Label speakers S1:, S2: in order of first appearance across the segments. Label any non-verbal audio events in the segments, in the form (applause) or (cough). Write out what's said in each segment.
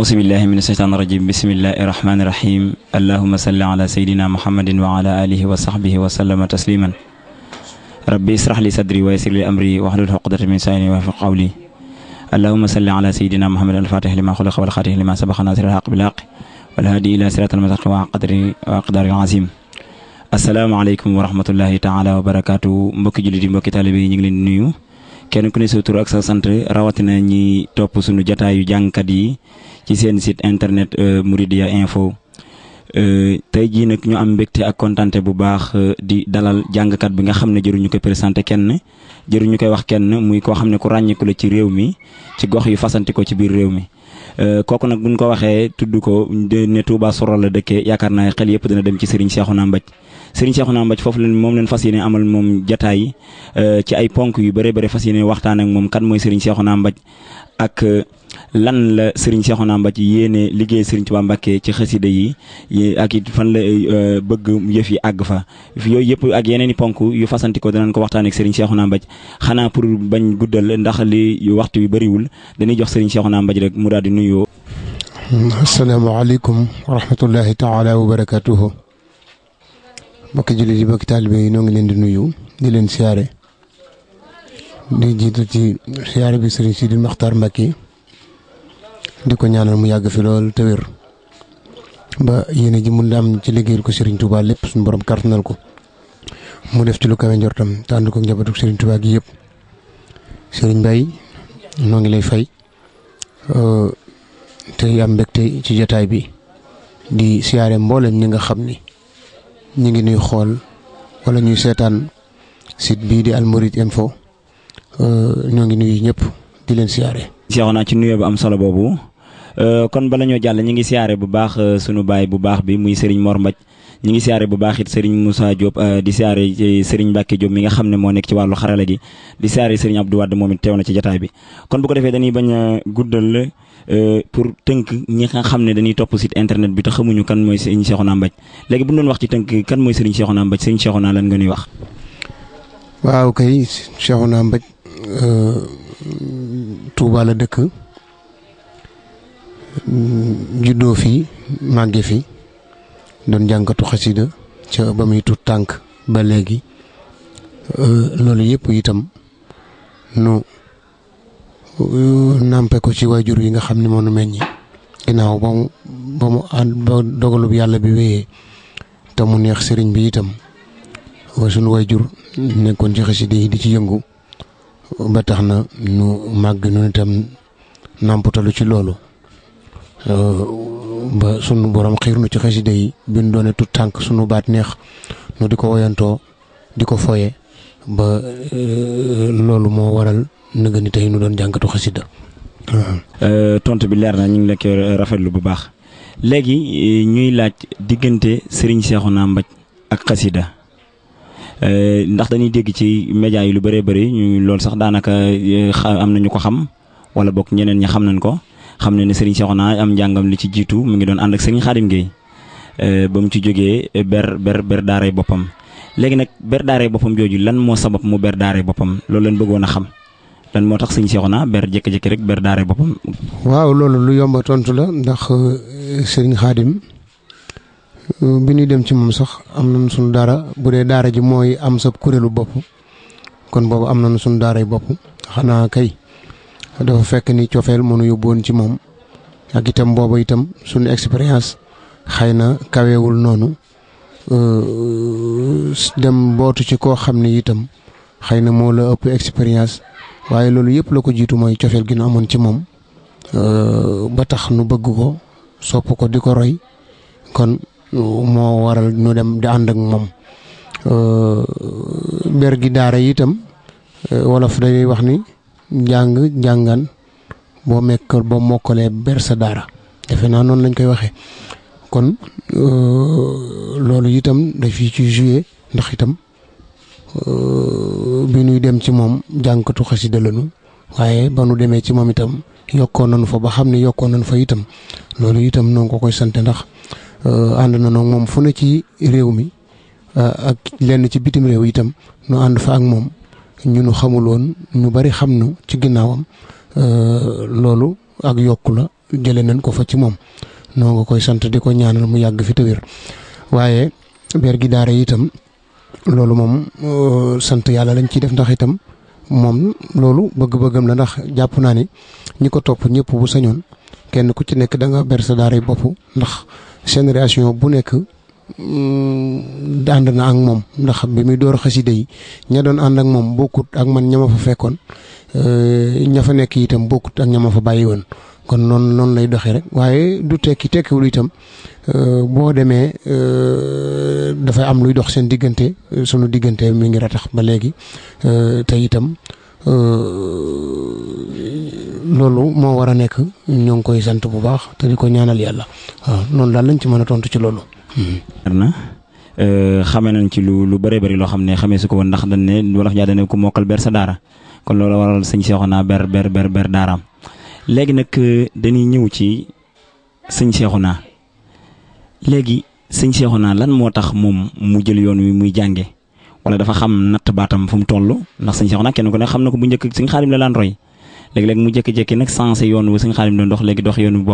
S1: أعوذ بالله من الشيطان الرجيم بسم الله الرحمن الرحيم اللهم صل على سيدنا محمد وعلى آله وصحبه وسلم تسليما ربي اشرح لي صدري ويسر لي أمري واحلل عقدة من لساني يفقهوا قولي اللهم صل على سيدنا محمد الفاتح لما خلق والخاتم لما سبق ناصر الحق بالحق والهادي إلى صراط المستقيم وقدر وأقدار العظيم asalaamaaleykum wa rahmatullahi taala wa barakaatu mbokki jullit yi mbokki taalibe yi ñu ngi leen di nuyu kenn ku ne sa tur ak sa sant rawatina ñi topp suñu jataayu jàngkat yi ci seen site internet euh, Mouridia info euh, tey jii nag ñu am mbégte ak kontante bu baax euh, di dalal jàngkat bi nga xam ne jëruñu koy présenté kenn jëruñu koy wax kenn muy koo xam ne ku ràññeeku la ci réew mi ci gox yi fasanti ko ci biir réew mi kooku nag buñ ko waxee tudd ko ne baa Soro la dëkkee yaakaar naa xel yëpp dina dem ci Serigne Cheikhouna Mbaj Serigne Cheikhouna Mbaj foofu leen moom leen fas ne amal moom jataay ci ay ponk yu bëree bëri fas yéene waxtaan ak moom kan mooy Serigne Cheikhouna Mbaj ak lan la Serigne na Mbathie yéene liggéey Serigne Touba Mbacké ci xasida yi ak it fan la euh, bëgg yëf yi àgg fa yooyu yëpp ak yeneen yi ponk yu fasanti dana danañ ko waxtaan ak Serigne Cheikhouna Mbathie xanaa pour bañ guddal ndax li waxtu yu bariwul dañuy jox Serigne Cheikhouna Mbathie rek mu di nuyoo.
S2: asalaamaaleykum wa rahmatullahi taala wa barakatuhu mbokki jullit ñoo ngi leen di nuyu di leen siyaare di jiitu ci siyaare bi Serigne Sidi Makhtar Mbacké di ko ñaanal mu yàgg fi loolu te wér ba yéene ji mun na am ci liggéeyal ko sëriñ Touba lépp suñu borom kàttanal ko mu def ci lu kawe njortam te ànd ko njabootu Serigne Touba gi yëpp sëriñ Baye noo ngi lay fay te am mbégte ci jotaay bi di siyaare mboolem ñi nga xam ni ñu ngi nuy xool walla ñuy seetaan site bii di Al Mouride Info ñoo ngi nuyu ñëpp di leen siyaare.
S1: jeexoon naa ci nuyoo bu am solo boobu. Euh, kon bala ñoo jàll ñi ngi siyaare bu baax euh, sunu baay bu baax bi muy Serigne Mor Mbaj ñi ngi siyaare bu baax it Serigne Moussa Diop euh, di siyaare Serigne Mbacke Diop mi nga xam ne moo nekk ci wàllu xarala gi di siyaare Serigne Abdou Wade moom it teew na ci jataay bi kon bu ko defee dañuy bañ a guddal pour tënk ñi nga xam ne dañuy topp site internet bi te xamuñu kan mooy Serigne Cheikhouna Mbaj léegi bu ñu doon wax ci tënk kan mooy Serigne Cheikhouna Mbaj Serigne Cheikhouna lan nga ñuy wax.
S2: waaw kay Cheikhouna Mbaj Touba la dëkk. juddoo fi màgge fi doon jàngatu xasida ca ba muy tuut tànk ba léegi euh, loolu yëpp itam nu euh, nàmpe ko ci waajur yi nga xam ne moo mel ñi ginnaaw ba mu ba mu ànd yàlla bi wéyee te mu neex sëriñ bi itam wa sunu waajur nekkoon ci xasida yi di ci yëngu ba tax na nu màgg nu itam nàmputalu ci loolu Euh, ba sunu borom xirnu ci xasida yi bin doone tut tank sunu baat neex nu di ko diko foye ba euh, lolu mo waral nëgë ni tey nu jangatu jàngatu
S1: euh tonte bi leer na ñu ngi la koy euh, rafetlu bu baax legi ñuy laaj diggante Serigne Cheikhouna Mbaj ak euh ndax dañuy dégg ci média yi lu bëree bëri ñu lool sax danaka am na xam wala bok ñeneen ñi xam nañ ko xam ne ne Serigne Cheikhouna am njàngam li ci jiitu mu ngi doon ànd ak Serigne Khadim Gueye euh, ba mu ci jógee ber ber ber daaray boppam léegi nag ber daaray boppam jooju lan moo sabab mu ber daaray boppam loolu lañ bëggoon a xam moo tax Serigne Cheikhouna ber jékki-jékki rek ber daaray
S2: waaw loolu lu yomb tontu la ndax euh, Serigne Khadim euh, bi ñuy dem ci moom sax am nañ suñu daara bu dee daara ji mooy am sa kuréelu bopp kon boobu am nañ suñu daaray bopp xanaa kay. dafa fekk ni cofeel mënu yóbboon ci moom ak itam booba itam suñu expérience xëy na kaweewul noonu dem bootu ci koo xam ne itam xëy na moo la ëpp expérience waaye loolu yëpp la ko jiitu mooy cofeel gi nu amoon ci moom ba tax nu bëgg ko sopp ko di ko roy kon moo waral nu dem di ànd ak moom ber gi daara itam wolof dañuy wax ni njàng njàngan boo mekk boo mokkalee ber sa daara defe naa noonu lañ koy waxee kon euh, loolu itam da fii ci jouer ndax itam euh, bi nuy dem ci moom jànkatu xasida lañu waaye ba nu demee ci moom itam yokkoon nañu fa ba xam ni yokkoon nañu fa itam loolu itam noo ngi ko koy sant ndax euh, ànd na noog moom fu ne ci réew mi ak lenn ci bitim réew itam nu ànd fa ak moom ñu nu xamuloon ñu bari xam nu ci ginnaawam euh, loolu ak yokku la jëlee nañ ko fa ci moom noo nga koy sant di ko ñaanal mu yàgg fi te wér waaye ber gi daara itam loolu moom euh, sant yàlla lañ ciy def ndax itam moom loolu bëgg-bëggam la ndax jàpp naa ni ñi ko topp ñëpp bu sañoon kenn ku ci nekk da nga ber sa daara yi bopp ndax génération bu nekk Mm, ànd na ak moom ndax bi muy door xasida yi ña doon ànd ak moom bokkut ak man ña ma fa fekkoon eh, ña fa nekk itam bokkut ak ña fa bàyyi woon kon noonu noonu lay doxee rek waaye du tekki tekkiwul itam eh, boo demee eh, dafay am luy dox seen diggante sunu diggante mi a tax ba léegi te itam loolu moo war a nekk ñoo ngi koy sant bu baax te di ko ñaanal yàlla waaw noonu daal lañ ci mën a tontu ci loolu.
S1: na eh, xame nañ ci lu lu bëree bëri loo xam ne xamee su ndax dañ ku ber sa daara kon loolu waral sëñ Seexuna ber ber ber ber daaraam léegi nag eh, dañuy ñëw ci lan moo tax moom mu jël yoon wi muy wala dafa xam nat batam fu mu toll ndax sëñ Seexuna kenn ku ne xam na ko bu la roy léegi-léegi mu jékki-jékki nag sensé yoon wu sëñ Xaadim doon dox dox yoon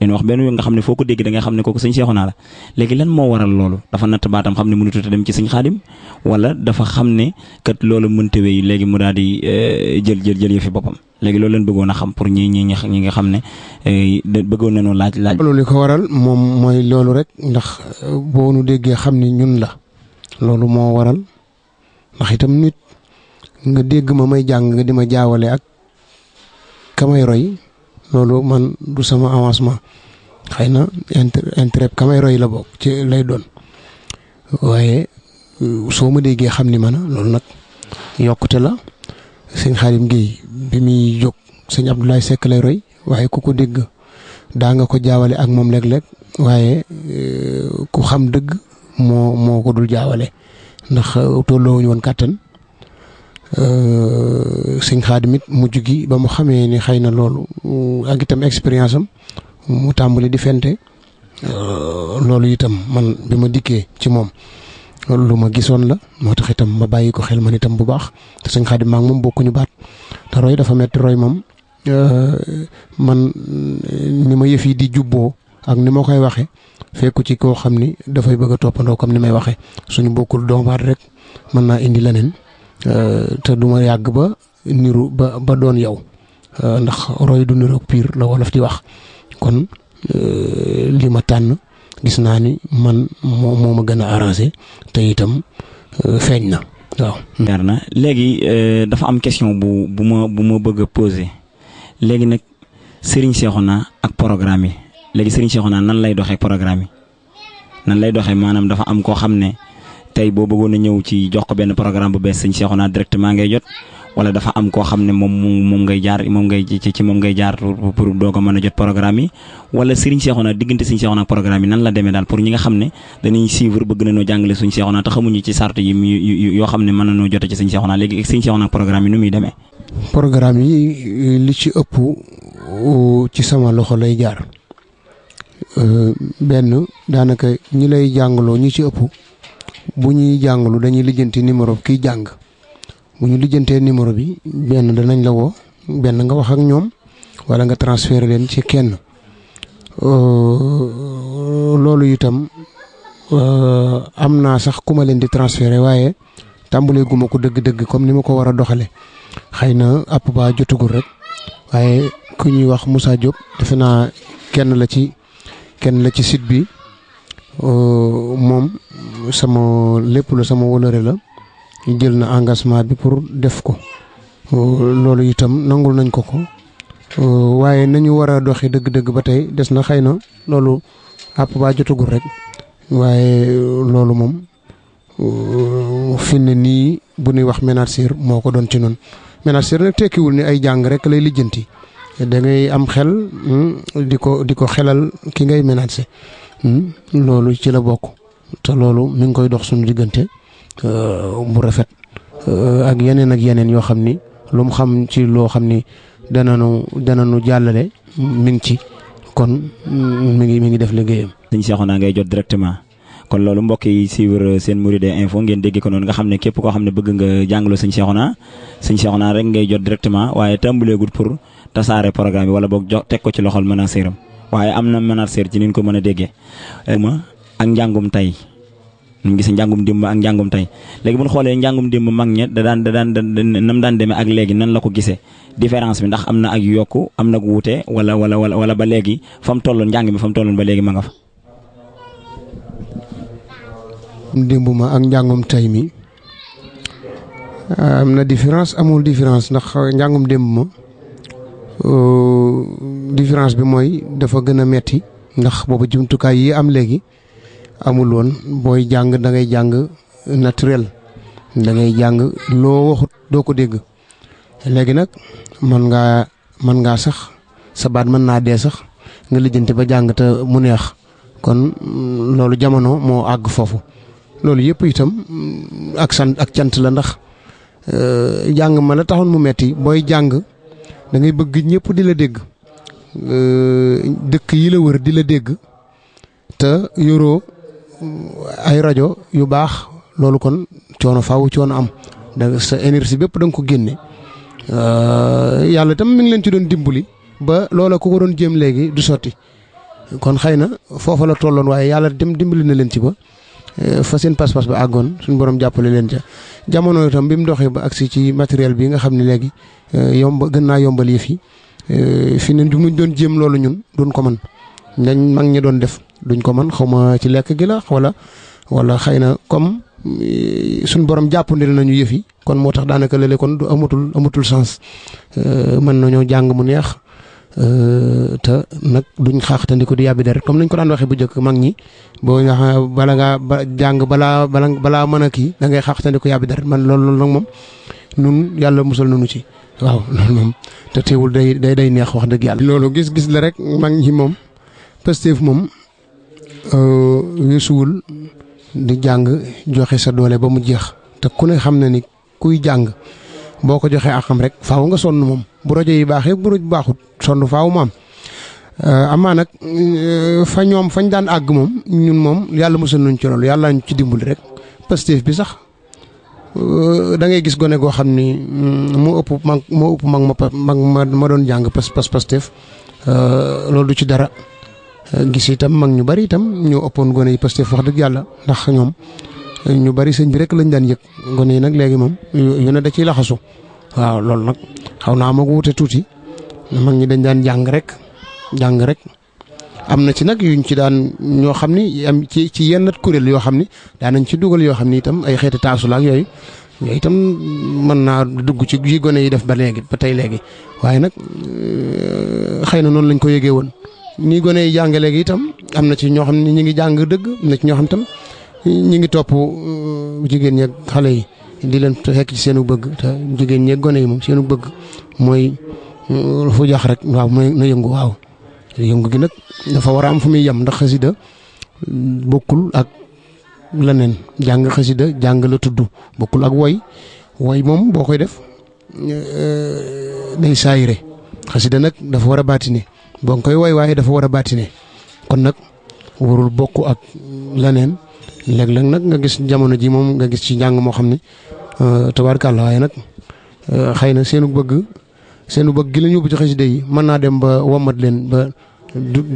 S1: leen wax benn yoon nga xam ne foo ko dégg da xam ne kooku sëñ Seexuna la léegi lan moo waral loolu dafa natt baatam xam ne mënutut a dem ci sëñ Xaadim wala dafa xam ne kat loolu mënta wéy léegi mu daal di eh, jël jël jël yëfi boppam léegi loolu leen bëggoon a xam pour ñi ñi ñi nga xam ne eh, bëggoon nañoo laaj laaj. loolu li ko waral moom mooy loolu rek ndax eh, boo nu déggee xam ne ñun la
S2: loolu moo waral ndax itam nit nga dégg ma may jàng nga di ma jaawale ak ka may roy. loolu man du sama avancement xëy na intérêt kamay roy la bokk ci lay doon waaye euh, soo ma déggee xam ni ma na loolu nag yokkute la sëñ Xaadim Géey bi muy jóg sëñ Abdoulaye Seck lay roy waaye ku ko dégg daa nga ko jaawale ak moom léeg-léeg waaye euh, ku xam dëgg moo moo ko dul jaawale ndax euh, tolloo wuñu woon kàttan Euh, sëñ Xaadim it mujj gi ba mu xamee ni xëy na loolu ak itam expérience am mu tàmbali di fente euh, loolu itam man bi ma dikkee ci moom lu ma gisoon la moo tax itam ma bàyyi ko xel man itam bu baax te sëñ Xaadim maa moom bokkuñu baat te roy dafa metti roy moom euh, man ni ma yëf yi di jubboo ak ni ma koy waxee fekku ci koo xam ni dafay bëgg toppandoo comme ni may waxee suñu bokkul doomu baat rek mën naa indi leneen. Euh, te du ma yàgg ba niru ba ba doon yow euh, ndax roy du niru piir la wolof di wax kon euh, li ma tànn gis naa ni man moom moo ma gën a arrangé
S1: te itam feeñ na waaw. na léegi dafa am question bu bu ma bu ma bëgg a posé léegi nag Serigne naa ak programme yi léegi Serigne naa nan lay doxee programme yi nan lay doxee maanaam dafa am koo xam ne. tey boo bëggoon a ñëw ci jox ko benn programme bu bees sëñ Cheikhouna directement ngay jot wala dafa am koo xam ne moom moom ngay jaar moom ngay ci ci moom ngay jaar pour doo ko mën a jot programme yi wala sëriñ Cheikhouna diggante sëñ Cheikhouna programme yi nan la demee daal pour ñi nga xam ne dañuy suivre bëgg nañoo jàngale suñ Cheikhouna te xamuñu ci sart yi yoo xam ne mën nañoo jote ci sëñ Cheikhouna léegi sëñ Cheikhouna programme yi nu muy demee.
S2: programme yi euh, li ci ëpp euh, ci sama loxo lay jaar euh, benn daanaka ñi lay jàngaloo bu ñuy jàngalu dañuy lijjanti numéro kiy jàng bu ñu lijjantee numéro bi benn danañ la woo benn nga wax ak ñoom wala nga transféré leen ci kenn euh, loolu itam euh, am naa sax ku ma leen di transféré waaye tàmbalee gu ma ko dëgg-dëgg comme ni ma ko war a doxale xëy na app ba jotugul rek waaye ku ñuy wax Moussa jóg defe naa kenn la ci kenn la ci site bi Euh, mom sama lepp lu sama wëlëre la jël na engagement bi pour def ko euh, lolu itam nangul nañ ko ko euh, waye nañu wara doxi deug deug batay des na xeyna lolu app ba baa rek waye lolu mom fi ni bu ni wax menacer moko don ci non menacer ménagère teki wul ni ay jang rek lay lijeenti da ngay am xel hmm, di ko xelal ki ngay menacer Hmm? loolu ci la bokk te loolu mi ngi koy dox suñu diggante bu euh, rafet euh, ak yeneen ak yeneen yoo xam ni lu mu xam ci loo xam ni dana nu dana nu jàllale mu ngi ci kon
S1: mm, mi ngi mi ngi def liggéeyam. sëñ Cheikhouna ngay jot directement. kon loolu mbokk yi suivre seen Mourides info ngeen dégg ko noonu nga xam ne képp koo xam ne bëgg nga jàngaloo sëñ Cheikhouna sëñ Cheikhouna rek ngay jot directement waaye tàmbaleegul pour tasaare programme bi wala boog jox teg ko ci loxol mën a séeram waye amna menar ser ci niñ ko meuna a euma ma ak tay, tey ñu gis njangum mangnya, ak njangum tay buñ xolé njangum dimb mag ñe da daan da daan nam daan demee ak léegi nan la ko gisee différence bi ndax amna ak yokku amna ko wuté wala wala wala wala ba léegi fam tollu njang bi fam tollu ba ma nga fa.
S2: dimbuma ak njangum tay mi amna difference, différence amul différence ndax njangum dimb ma euh, différence bi moy dafa meti metti ndax boobu jumtukaay yi am léegi amul won boy jang da ngay jang naturel da ngay jang lo waxut do ko deg léegi nak man nga man nga sax sa baat man na dé sax nga lijeenti ba jang ta mu neex kon lolu jamono mo ag fofu lolu yëpp itam ak sant ak tiant la ndax euh, jàng ma la taxoon mu metti boy jang da ngay bëgg ñëpp di la dégg Euh, dëkk yi la wër di la dégg te yoroo ay rajo yu baax loolu kon coono faaw coono am da sa énergie bépp da nga ko génne euh, yàlla tam mu ngi leen ci doon dimbali ba loola ku ko doon jéem léegi du sotti kon xëy na foofa la tolloon waaye yàlla dem dimbali na leen ci ba euh, fa seen pas-pas ba àggoon suñu borom jàppale leen ca jamono itam bi mu doxee ba si ci matériel bi nga xam ni léegi yomb gën naa yombal yëf Eh, fi ne du muñ doon jëm loolu ñun duñ ko man nañ mag ñi doon def duñ ko man xawma ci lekk gi la wala wala xëy na comme eh, suñ borom jàppandil nañu yëfi kon motax tax daanaka lele kon du amatul amatul sens eh, man nañu jang mu neex ta nak duñ xaaxtandiku di yabi der comme nañ ko daan waxe bu jëk mag ñi bo nga bala nga jang bala bala bala balaa da ngay xaaxtandiku yabi der man loolu nak mom nun yalla musal nañu ci waaw loolu moom te teewul day day day neex wax dëgg yàlla. loolu gis-gis la rek mag ñi moom Pastef moom euh, weesuwul di jàng joxe sa doole ba mu jeex te ku ne xam na ni kuy jàng boo ko joxee xam rek faaw nga sonn moom bu rajo yi baaxee bu rajo baaxut sonn faaw mu euh, amaa nag euh, fa ñoom fañ daan àgg moom ñun moom yàlla mosal nañ ci loolu yàlla ñu ci dimbali rek Pastef bi sax. da ngay gis gone goo xam ni moo mm, ëpp mag moo ëpp mag ma mag ma doon jàng pas pas Pastef euh, loolu du ci dara euh, gis itam mag ñu bari itam ñoo ëppoon gone yi Pastef wax dëgg yàlla ndax ñoom ñu bari sëñ bi rek lañ daan yëg gone yi nag léegi moom yu ne da ciy laxasu waaw loolu nag xaw naa ma ko wute tuuti mag ñi dañ daan jàng rek jàng rek am na ci nag yu ñu ci daan ñoo xam ni am ci ci yenn kuréel yoo xam ni daanañ ci dugal yoo xam ni itam ay xeeti taasulaak yooyu yooyu itam mën naa dugg ci yi gone yi def ba léegi ba tey léegi waaye nag euh, xëy na noonu lañ ko yëgee woon nii gone yi jàng léegi itam am na ci ñoo xam ne ñu ngi jàng dëgg na ci ñoo xam tam ñu ngi topp euh, jigéen ñeeg xale yi di leen fekk ci seenu bëgg te jigéen ñeeg gone yi moom seenu bëgg mooy euh, fu jax rek waaw mooy na yëngu waaw yëngu gi nag dafa war a am fu muy yem ndax xasida bokkul ak leneen jàng xasida jàng la tudd bokkul ak woy woy moom boo koy def eh, day saayire xasida nag dafa war a baatine boo koy woy waaye dafa war a baatine kon nag warul bokk ak leneen léeg-léeg nag nga gis jamono ji moom nga gis ci njàng moo xam ne eh, tabaarkàlla waaye nag eh, seenu bëgg seen bëgg gi la ñu yóbbu ci xasida yi mën naa dem ba wommat leen ba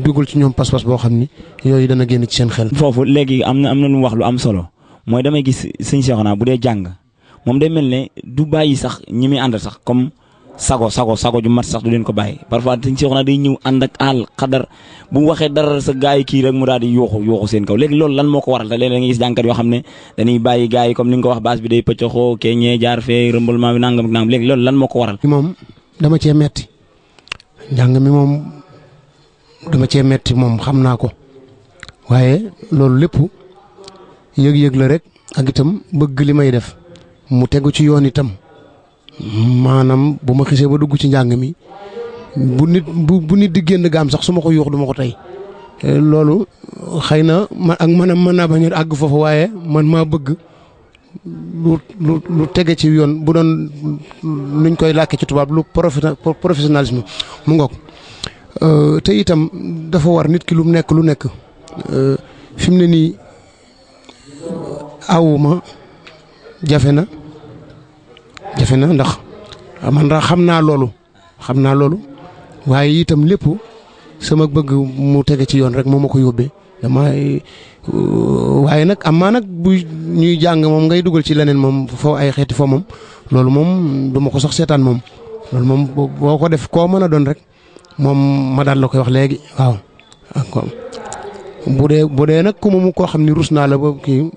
S2: dugal ci ñoom
S1: pas-pas boo xam ni yooyu dana génn ci seen xel. foofu léegi am na am na lu wax lu am solo mooy damay gis sëñ Cheikhouna bu dee jàng moom day mel ne du bàyyi sax ñi muy àndal sax comme sago sago sago ju mat sax du leen ko bàyyi parfois sëñ Cheikhouna day ñëw ànd ak àll xadar bu mu waxee dara sa gaa yi kii rek mu daal di yooxu seen kaw léegi loolu lan moo ko waral te léeg-léeg gis jànkat yoo xam ne dañuy bàyyi gaa comme ni nga ko wax baas bi day pëccoxoo kee jaar fee rëmbalement bi nangam léegi loolu lan moo ko waral.
S2: dama cee metti njàng mi moom dama cee metti moom xam naa ko waaye loolu lépp yëg-yëg la rek ak itam bëgg li may def mu tegu ci yoon itam maanaam bu ma xisee ba dugg ci njàng mi bu nit bu bu nit di génn gaam sax su ma ko yuux duma ko tey eh, loolu xëy na ma ak man a mën naa bañ àgg foofu waaye man maa bëgg lu lu lu tege ci yoon bu doon luñ koy làkkee ci tubaab lu professionnalisme mu ngoog euh, te itam dafa war nit ki lu mu nekk lu nekk euh, fi mu ne nii euh, awuma jafe na jafe na ndax man daa xam naa loolu xam naa loolu waaye itam lépp sama bëgg mu tege ci yoon rek moom ma ko yóbbee damay euh, waaye nag am maa nag bu ñuy jàng moom ngay dugal ci leneen moom foo ay xeeti foo moom loolu moom du ma ko sax seetaan moom loolu moom boo ko def koo mën a doon rek moom ma daal la koy wax léegi waaw. bu dee bu dee nag ku moom koo xam ni ruus naa la ba kii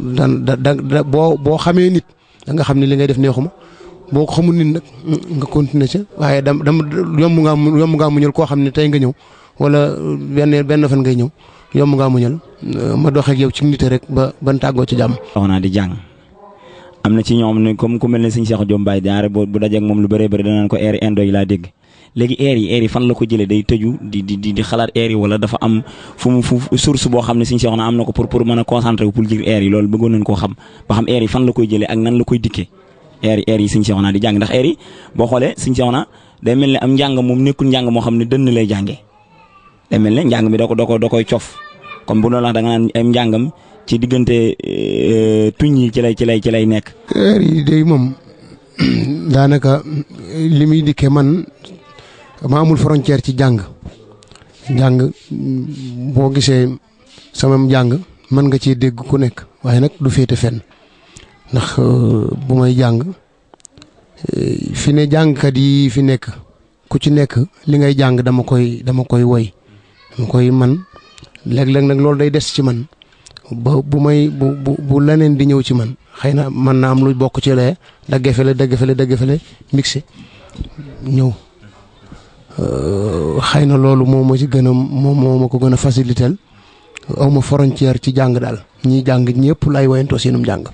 S2: daan da da boo boo xamee nit da xam ni li ngay def neexuma boo ko xamul nit nag nga continuer ca waaye dam dam yomb ngaa mu yomb ngaa muñal koo xam ne tey nga ñëw. wala
S1: benn benn fan ngay ñëw yomb ngaa muñal euh, ma doxee ak yow ci nit rek ba ban tàggoo ci jàmm. wax naa di jàng am na ci ñoom ne comme ku mel ne Serigne Cheikh Jom Baye Diarra bu dajeeg moom lu baree bëri danaan ko air indo yi laa dégg léegi air yi air yi fan la ko jëlee day di di di xalaat air yi dafa am fu mu fu boo xam ne Serigne Cheikh na am na ko pour pour mën a concentré wu pour jël air yi loolu fan la koy jële ak nan la koy dikkee air yi air yi Serigne di jàng ndax air boo xoolee Serigne Cheikh na day mel ne am njàng moom nekkul njàng moo xam ne dënn lay jàngee day mel ne njàng mi da ko da ko cof comme bu noonu la da nga naan am njàngam ci diggante euh, tuñ yi ci lay ci lay nekk. heure
S2: moom (clears throat) daanaka li muy dikkee man ma amul frontière ci jàng jàng boo gisee sama jàng mën nga cee dégg ku nekk waaye nag du féete fenn ndax euh, bu may jàng euh, fi ne jàngkat yi fi nekk ku ci nekk li ngay jàng dama koy dama koy woy mu koy man léeg-léeg nag loolu day des ci man ba bu may bu bu bu leneen di ñëw ci man xëy na man naa am lu bokk ci lee dagge fele dagge fele dagge ñëw euh, xëy na loolu moo ma ci gën a moom moo ko gën a faciliter aw ma frontière ci jàng daal ñiy jàng ñëpp lay woyantoo seenum jàng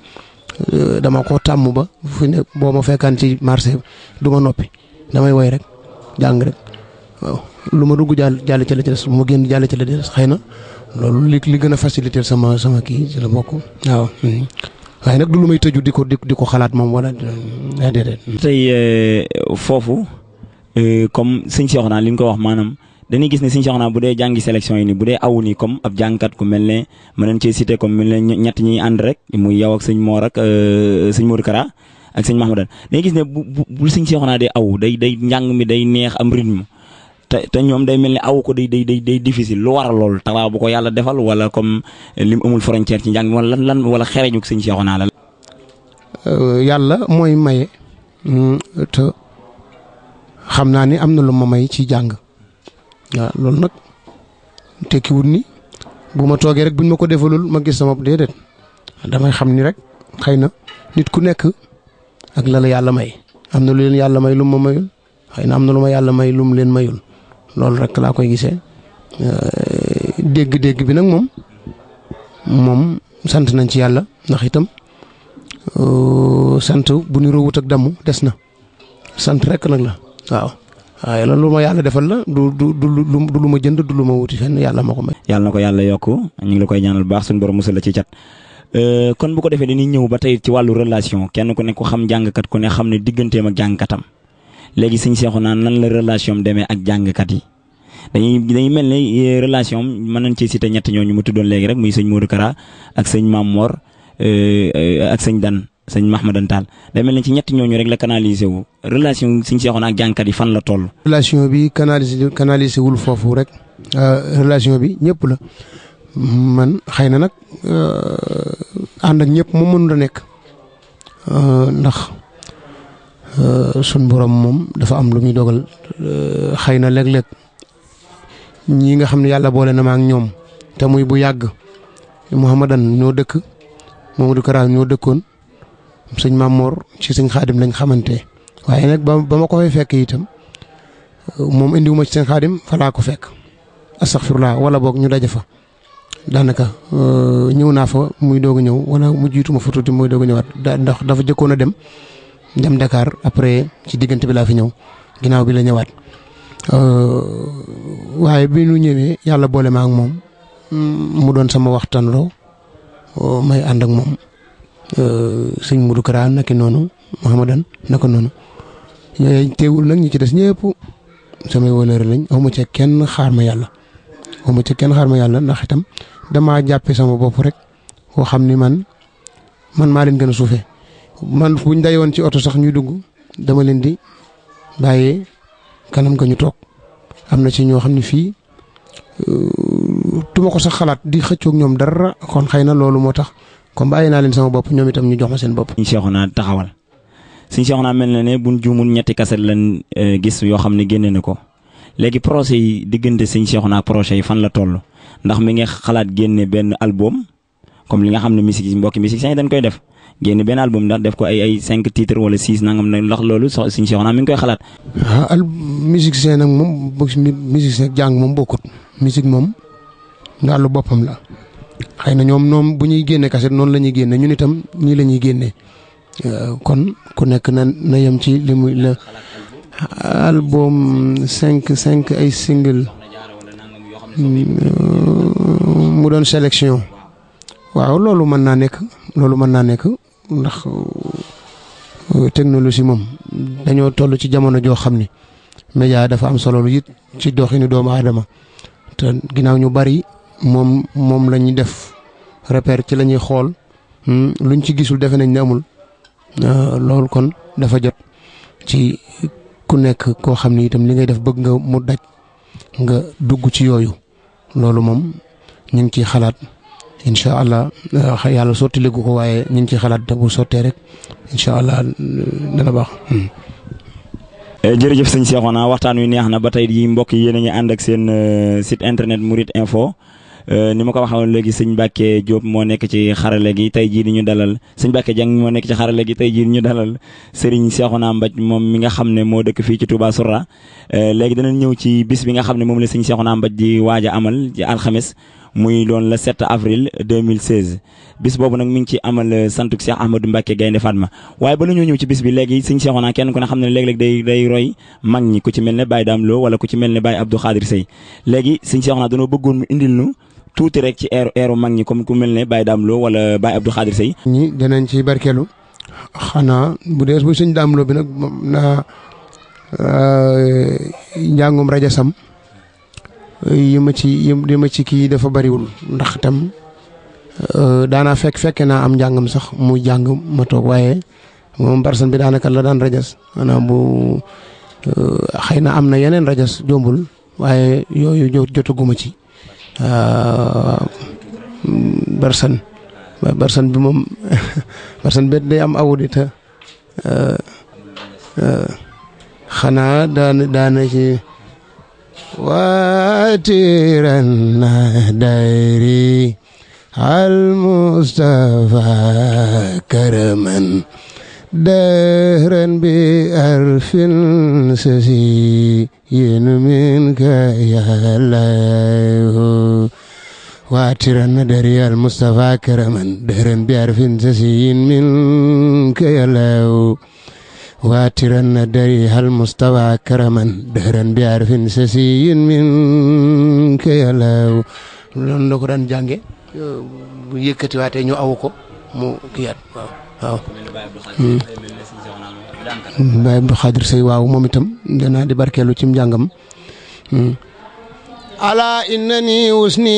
S2: euh, dama ko tàmm ba fu ne boo ma fekkaan ci marché du ma noppi damay woy rek jàng rek waaw lu ma dugg jàll jàll ci la ma génn jàll ci la xëy na loolu li li gën a faciliter sama sama kii ci la bokk waaw. waaye nag du lu may tëju di ko di ko xalaat moom wala eh, déedéet.
S1: tey eh, foofu eh, comme sëñ Cheikhouna li mu ko wax maanaam dañuy gis ne sëñ Cheikhouna bu dee jàngi sélection yi nii bu dee awu nii comme ab jàngkat ku mel ne mën nañu cee sitee comme mel ne ñett ñiy ànd rek muy yow ak sëñ Mor ak sëñ Modou Kara ak sëñ Mahmoudane dañuy gis ne bu bu bu sëñ Cheikhouna dee awu day day njàng mi day neex am rythme. te te ñoom day mel ni aw ko day day day day difficile lu war a lool talaa bu ko yàlla defal wala comme eh, lim amul frontière ci njàng wala lan lan wala xereñu sëñ Seexuna la. Euh, yàlla mooy maye
S2: mm, xam naa ni am na lu ma may ci jàng waaw loolu nag tekkiwut ni bu ma toogee rek buñ ma ko defalul ma gis sama déedéet xam ni rek xëy na nit ku nekk ak la yàlla may am na lu leen yàlla may lu ma mayul xëy na am na lu ma yàlla may lu mu leen mayul. loolu rek laa koy gisee euh, dégg-dégg bi nag moom moom sant nañ ci yàlla ndax itam euh, sant bu ñu rëwut ak damm des na sant rek nag la waaw. waaye loolu lu ma yàlla defal la du du du du lu ma jënd du lu ma
S1: wuti fenn yàlla ma ko may. yàlla na ko yàlla yokk ñu ngi la koy ñaanal baax suñu borom musal la ci cat. Euh, kon bu ko defee dañuy ñëw ba tey ci wàllu relation kenn ku ne ko xam jàngkat ku ne xam ne digganteem ak jàngkatam léegi sëñ Seexuna nan la relation am demee ak jàngkat yi dañuy dañuy mel ne eh, relation am mën nañ cee cité ñett ñooñu mu tuddoon léegi rek muy sëñ Modou karaa ak sëñ Maam Mor eh, eh, ak sëñ Dan sëñ Mahmadan Tall day mel ne ci ñetti ñooñu rek la canalisé wu relation sëñ Seexuna ak jàngkat yi fan la toll.
S2: relation bi canalisé canalisé wul foofu rek euh, relation bi ñëpp la man xëy na nag euh, ànd ak ñëpp mu mënul a nekk euh, ndax. Euh, sun borom moom dafa am lu muy dogal euh, xëy na léeg-léeg ñii nga xam ne yàlla boole na ma ak ñoom te muy bu yàgg Mouhamadan ñoo dëkk moom du Kara ñoo dëkkoon sëñ Mamor ci sëñ xaadim lañ xamante waaye nag ba ba ma ko fay itam euh, moom indiwuma ci sëñ xaadim fa ko fekk astaxfirullah wala boog ñu daje fa. daanaka ñëw naa fa muy doog a ñëw wala mu jiitu ma fa tuuti muy doog a ñëwaat ndax dafa jëkkoon a dem. dem Dakar après ci digënté bi la fi ñëw ginaaw bi la ñëwaat euh, waye bi ñu ñëwé yalla boole ma ak mom mu doon sama waxtan lo, euh, may and ak sing euh, sëñ Modou Kara naki nonu Mahamadan naka nonu ñay téwul nak ñi ci dess ñëpp sama wëlëre lañ amu ci kenn xaar ma yalla amu ci kenn xaar ma yalla ndax itam dama jappé sama bop rek ko xamni man man ma leen gëna soufey man fuñ dayoon ci auto sax ñu dugg dama leen di kanam nga ñu toog am na ci ñoo xam ne fii tuma euh, ko sax xalaat di xëccoog ñoom dara kon xëy na loolu moo tax comme bàyyi
S1: naa leen sama bopp ñoom itam ñu jox ma seen bopp. lagi Cheikhouna taxawal suñ Cheikhouna mel na ne buñ juumul ñetti kaset lañ euh, gis yoo xam ne génne na ko léegi projet yi suñ yi fan la toll ndax mi ngi xalaat génne benn album comme li nga xam ne musique mbokki musique sañ dañ koy def. génn benn album ndax def ko ay ay cinq titres wala six nangam nag ndax loolu sox suñu si xanaa koy xalaat.
S2: ah al musicien moom bokk musicien jàng moom bokkut musique moom daal lu boppam la xëy na ñoom ñoom bu ñuy génne kaset noonu lañuy ñuy génne ñun itam nii la ñuy génne euh, kon ku nekk na na yem ci li muy la album cinq cinq ay single euh, mu doon sélection waaw loolu mën naa nekk loolu mën naa nekk ndax euh, technologie moom dañoo toll ci jamono joo xam ni média dafa am solo lu ci doxinu doomu aadama te ginnaaw ñu bari moom moom la ñuy def repère ci la ñuy xool hmm, luñ ci gisul defe nañ ne amul euh, loolu kon dafa jot ci ku nekk koo xam ni itam li ngay def bëgg nga mu daj nga dugg ci yooyu loolu moom ñu ngi xalaat. incha allah uh, yàlla sottiliku ko waaye ñu ngi ci xalaat bu sottee rek incha allah uh, dana baax. Hmm.
S1: Eh, jërëjëf sëñ naa waxtaan wi neex na ba tey jii mbokk yi yéen a ànd ak seen uh, site internet Mouride Info ni ma ko waxoon léegi sëñ Mbacke Diop moo nekk ci xarale gi tey jii di ñu dalal sëñ Mbacke Dieng moo nekk ci xarale gi tey jii ñu dalal Serigne Cheikhouna Mbaj moom mi nga xam ne moo dëkk fii ci Touba Sourah léegi danañ ñëw ci bis bi nga xam ne moom la sëñ naa Mbaj di waaja amal ci alxames. muy doon le 7 avril 2016 bis boobu nag mi ngi ci amal euh, santuk Cheikh Ahmadou Mbacke Gaynde Fatma waaye ba lu ñu ñëw ci bis bi léegi suñ Cheikhouna kenn ku ne xam ne léeg-léeg day roy mag ñi ku ci mel ne Baye Dame loo wala ku ci mel ne Baye Abdou Khadir Sey léegi suñ Cheikhouna dañoo bëggoon mu indil nu tuuti rek ci eeru eeru mag ñi comme ku mel ne Baye Dame loo wala Baye Abdou Khadir Sey. ñi danañ ci barkeelu
S2: xanaa bu dee bu sëñ Dame Lo bi nag na euh, njàngum rajo Sam. yi ma ci yi ma ci kii dafa bariwul ndax tam euh, daanaa fekk fekke naa am njàngam sax mu jàng ma toog waaye moom barsan bi daanaka la daan rajas maanaam bu euh, xëy na am na yeneen rajas jombul waaye yooyu jotaguma ci barsan euh, barsan bi moom barsan (laughs) bi day am awudita xanaa daan daana واترنا ديري المصطفى كرما دهرا بألف سسي منك يا الله واترنا ديري المصطفى كرما دهرا بألف سسي منك يا الله واترن دريها المستوى كرما دهرا بعرف سسي منك يا لو loolu la ko daan jànge bu yëkkatiwaatee ñu aw ko mu kiyaat waaw waaw hmm. Baay Abdou Xaadir Sey waaw moom itam danaa di barkeelu cim njàngam hmm. ala innani usni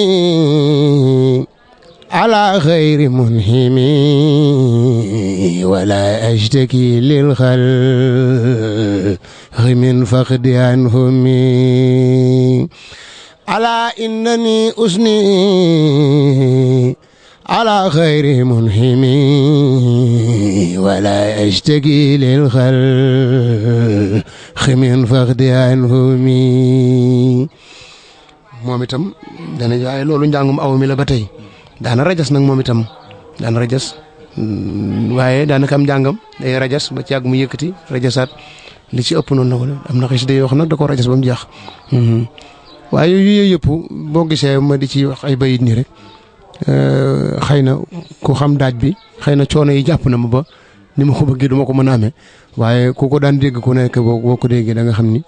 S2: ala xayri munhimi wala ashtaki lil xalqi min faqdi anhumi ala innani usni ala xayri munhimi wala ashtaki lil xalqi min faqdi anhumi moom itam dana jaay loolu njàngum aw mi la ba tey daana rajas nag moom itam daana rajas waaye daanaka am njàngam day rajas ba ci yàgg mu yëkkati rajasaat li ci ëpp noonu la ko am na xasida day xam nag da ko rajas ba mu jeex. Mhm. waaye yooyu yëpp boo gisee ma di ci wax ay bayit nii rek eh, xëy na ku xam daaj bi xëy na coono yi jàpp na ma ba ni ma ko bëggee du ma ko mën a amee waaye ku ko daan dégg ku nekk boo boo ko déggee da nga xam ni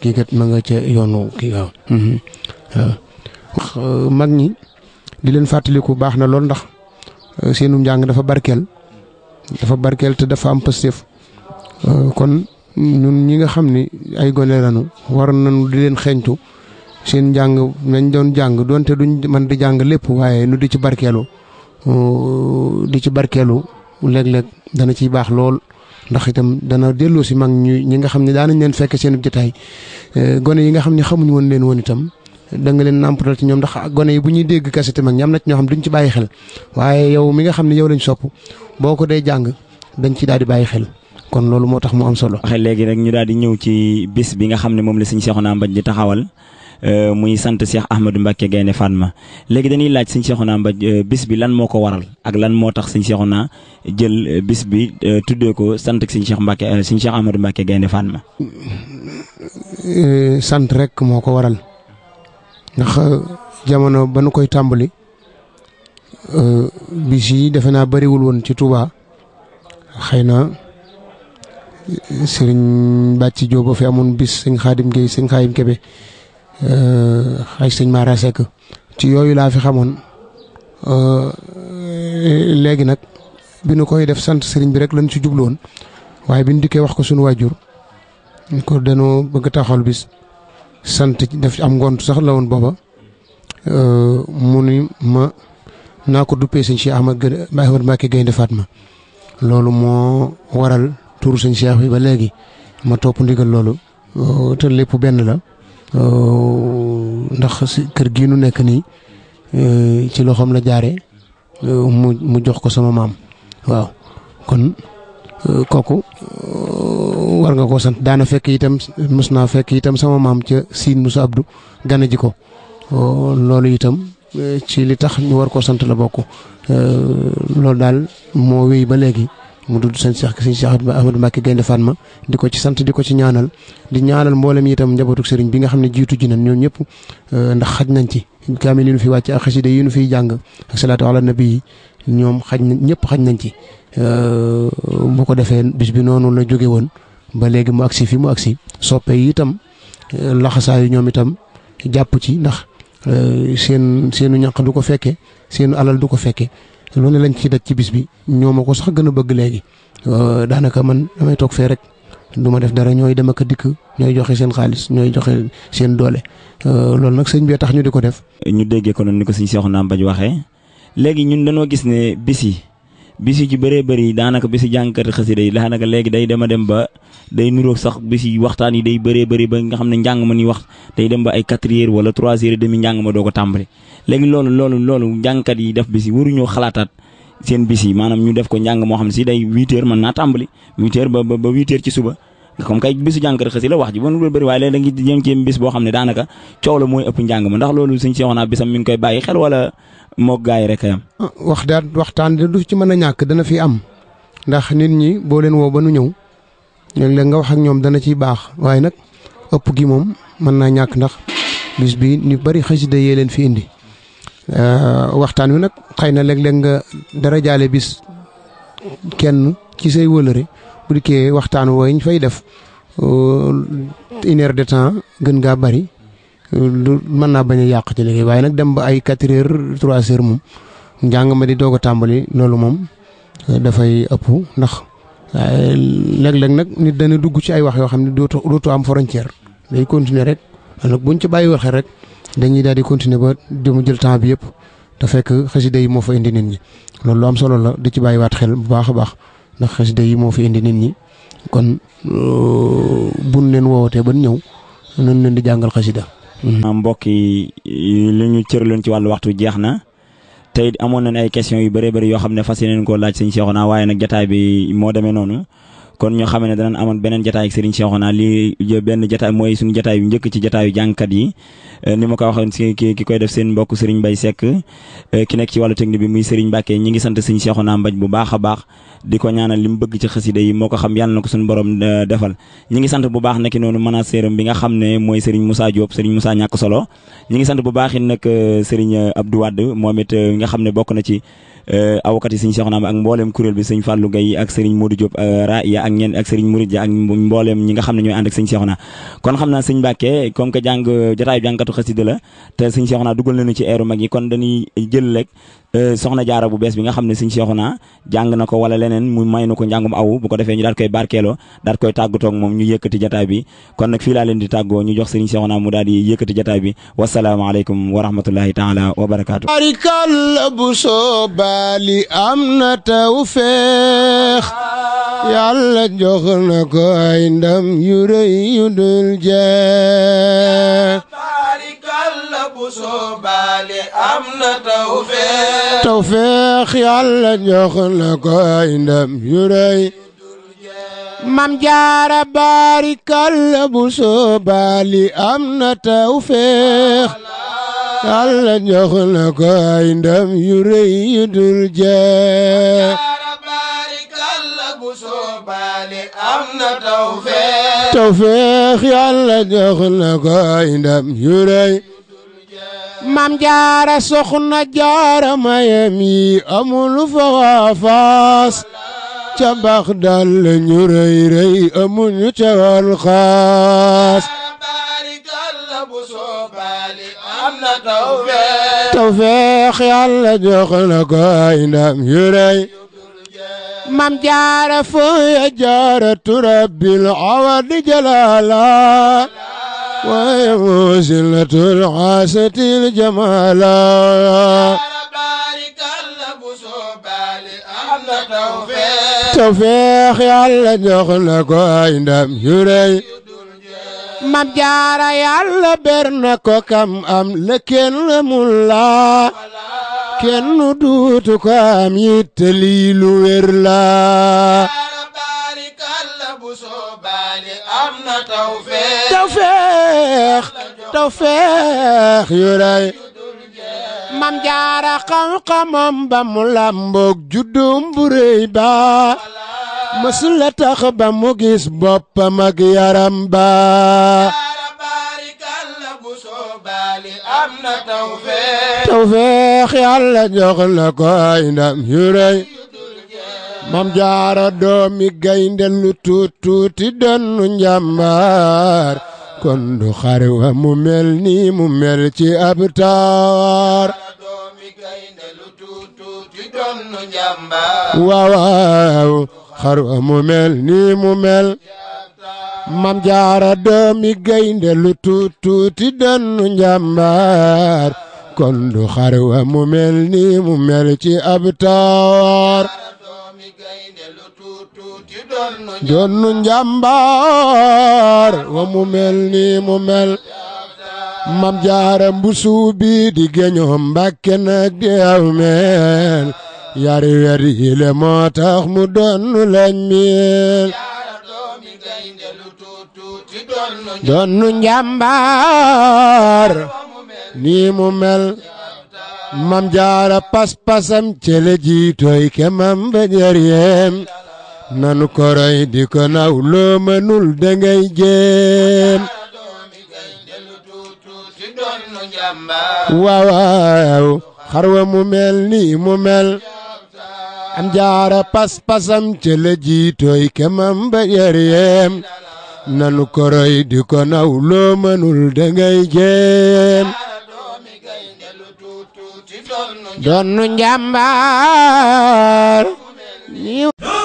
S2: kii ma nga ca yoonu kii waaw. Mhm. Eh, mag ñi di leen fàttaliku baax na lool ndax euh, seenu njàng dafa barkeel dafa barkeel te dafa am pësteef euh, kon ñun ñi nga xam ni ay gone lañu war nañu di leen xeeñtu seen njàng nañ doon jàng donte duñ man di jàng lépp waaye nu di ci barkeelu euh, di ci barkeelu léeg-léeg dana ci baax lool. ndax itam dana delloo si mag ñu ñi nga xam ne daan nañ leen fekk seen jotaay gone yi nga xam ne xamuñu woon leen woon itam da nga leen nàmpatal ci ñoom ndax gone yi bu ñuy dégg kaset mag ñi am na ci ñoo xam duñ ci bàyyi xel waaye yow mi nga xam ne yow lañ sopp boo ko dee jàng dañ ci daal di bàyyi xel
S1: kon loolu moo tax mu am solo. waxe léegi rek ñu daal di ñëw ci bis bi nga xam ne moom la sëñ Cheikhouna Mbaj di taxawal euh, muy sant Cheikh Ahmadou Mbacké Gaynde ma léegi dañuy laaj sëñ naa Mbaj bis bi lan moo ko waral ak lan moo tax sëñ naa jël euh, bis bi euh, tuddee ko sant sëñ Cheikh Mbacké sëñ Cheikh Ahmadou Mbacké Gaynde ma
S2: sant rek moo ko waral. ndax euh, jamono ba nu koy tàmbali euh, bis yi defe naa bariwul woon ci Touba xëy na euh, sëriñ Bàcci Jóob fi amoon bis sëñ Xaadim Géey sëñ Xaadim Kebe ay sëñ Mara Seck ci yooyu laa fi xamoon léegi nag bi nu koy def sant sëriñ bi rek lañ ci jublu waaye bi nu dikkee wax ko sunu waajur ko danoo bëgg taxawal bis sant daf ci am ngont sax la woon booba euh, mu ni ma naa ko duppee sëñ Cheikh Ahmad Ahmad Mbacké Gaynde Fatma loolu moo waral turu sëñ Cheikh bi ba léegi ma topp ndigal loolu euh, te lépp benn la euh, ndax si kër gii nu nekk nii ci loxoom la jaare mu mu jox ko sama maam waaw kon kooku war nga koo sant daana fekk itam mos naa fekk itam sama maam ca Sine Moussa Abdou gane ji ko oh, loolu itam eh, ci li tax ñu war koo sant la bokk eh, loolu daal moo wéy ba léegi mu dudd sëñ Cheikh sëñ Cheikh Ahmadou Mbacké Gaynde Fatma di ko ci sant di ko ci ñaanal di ñaanal mboolem itam njabootu sëriñ bi nga xam ne jiitu ji nañ ñoom ñëpp eh, ndax xaj nañ ci kaamil yi ñu fi wàcc ak fiy jàng ak salaatu ala ñoom xaj nañ ñëpp xaj nañ ci bu ko defee bis bi noonu la jóge woon ba léegi mu aksi fi mu aksi soppe yi itam eh, laxasaayu ñoom itam jàpp ci ndax eh, seen seenu ñàq du ko fekke seenu alal du ko fekke lu ne lañ ci daj ci bis bi ñooma ko sax gën a bëgg léegi eh, daanaka man damay toog fee rek du ma def dara ñooy dem ak
S1: dikk ñooy joxe seen xaalis ñooy joxe seen doole loolu nag sëñ bi tax ñu di ko def. ñu déggee ko noonu ni ko sëñ Cheikh Naam Bañ waxee léegi ñun dañoo gis ne bis yi bis yi ci bëree bëri daanaka bisi jàngkati xasida yi daanaka léegi day dem a dem ba day nuroog sax bisi waxtaan day bëree bëri ba nga xam ne njàng ma ni wax day dem ba ay quatre heures wala trois heures demi njàng ma doo ko tàmbali léegi loolu loolu loolu jàngkat yi def bisi waruñoo xalaataat seen bis yi ñu def ko njàng moo xam si day huit heures ci la wax ji ba nu bëri waaye ci bis boo xam ne daanaka coow la mooy ëpp njàng ma ndax loolu suñ seexoonaa bisam mi ngi koy xel wala moo gaay rek a
S2: wax daal waxtaan de du ci mën a ñàkk dana fi am ndax nit ñi boo leen woo ba nu ñëw léeg-léeg nga wax ak ñoom dana ciy baax waaye nag ëpp gi moom mën naa ñàkk ndax bis bi ñu bari xasida yee leen fi indi euh, waxtaan wi nag xëy na léeg-léeg nga dara jaale bis kenn ci say wëlëre bu dikkee waxtaan wooy ñu fay def euh, une heure de temps gën ngaa bari man na naa bañ a yàq ci liggéey waaye nag dem ba ay 4 heures 3 heures moom njàng ma di doog a tàmbali loolu moom dafay ëpp ndax léeg-léeg nag nit dana dugg ci ay wax yoo xam ne dootu dootu am frontière day continuer rek nag buñ ci bàyyi waxe rek dañuy daal di continuer ba dama jël temps bi yëpp te fekk xasida yi moo fa indi nit ñi loolu am solo la di ci bàyyiwaat xel bu baax a baax ndax xasida yi moo fa indi nit ñi kon euh, buñ leen woowatee ban ñëw nañ leen di jàngal xasida Mm-hmm.
S1: mbokk yi li ñu cëraloon ci wàllu waxtu jeex na tey amoon nañ ay question yu bëree bëri yoo xam ne fas yéeneen koo laaj sëñ Cheikhouna waaye nag jataay bi moo deme noonu kon ñoo xam ne danañ amoon beneen jataay ak Serigne Cheikhouna lii benn jataay mooy suñu jataay bi njëkk ci jataayu jàngkat yi eh, ni ma ko waxoon si ki ki koy def seen mbokk Serigne Mbaye Seck eh, ki nekk ci wàllu technique bi muy Serigne Mbacke ñi ngi sant Serigne Cheikhouna Mbaj bu baax a baax di ko ñaanal li mu bëgg ci xasida yi moo ko xam yàlla na ko suñu borom euh, defal ñi ngi sant bu baax nag noonu manaseeram bi nga xam ne mooy Serigne Moussa Diop Serigne Moussa ñàkk solo ñi ngi sant bu baax it nag euh, Serigne euh, ab Wade moom it nga xam ne bokk na ci awokat yi Serigne Cheikh ak mbooleem kuréel bi Serigne Fallou Gaye ak Serigne Modou Diop Raaya ak ñeen ak Serigne Mourid ak mbooleem ñi nga xam ne ñooy ànd ak Serigne Cheikh kon xam naa Serigne Mbacké comme que jàng jotaayu jàngkatu xasida la te Serigne Cheikh Naam dugal nañu ci eeru mag yi kon dañuy jël rek Euh, soxna jaara bu bees bi nga xam ne sëñ Seexuna jàng na ko wala leneen mu may na ko njàngum aw bu ko defee ñu daal koy barkeeloo daal koy tàggatoog moom ñu yëkkati jataay kon nag fii laa leen di tàggoo ñu jox sëñ Seexuna mu daal di yëkkati jataay bi wasalaamaaleykum wa rahmatullahi taala wa barakaatu
S2: barikal bu soobaali am na taw feex yàlla jox na tabarikàlla bu soobaale am na jox na ko ay ndam yu rëy mam jaara barikàlla bu soobaale am na tawfeex yàlla jox na ko ndam yu rëy yu dul jeex بسوبالي أمنا توفيق توفيق يلا جخنا قايدم يري مام جارة سخنة جارة ما يمي أمول فوافاس تبخ دل نيري ري أمول يتوال خاس بارك توفيق توفيق يلا جخنا قايدم يري مام جار فو جار تراب العوض جلالا ويوزل ترعاسة الجمالا يا رب بارك الله بسوبة لأهل توفيق يا الله جغلك وإنام يري مام جار يا الله برنك وكم أم لكن الملا kenn duutu ko am yitte lii lu mam jaara xam-xamam ba mu làmboog juddum bu rëy ba mësula tax ba mu gis boppam ak yaram ba tawfeex yàlla jox ko ay ndam yu mam jaara doomi gaynde lu tuut donnu njàmbaar kon du xare mu mel nii mu mel ci ab taar waaw waaw mu mel nii mu mel mam jaara doomi gaynde lu tuut dënnu njàmbaar kon du xarwa mu mel ni mu mel ci ab taar dënnu njàmbaar wa mu mel ni mu mel mam jaara mbusu bi di géñoo mbàkke nag di aw mel yari moo tax mu dënnu lañ doonu njàmbaar nii mu mel mam jaara pas-pasam cele jiitooy kemam ba jëryeem nanu koroy di ko naw loo mënul dangay jéem waaw xarwa mu mel nii mu mel am jaara pas-pasam cele jiitooy kemam ba jëryeem nanu koroy di ko naw loo mënul da ngay jéem doon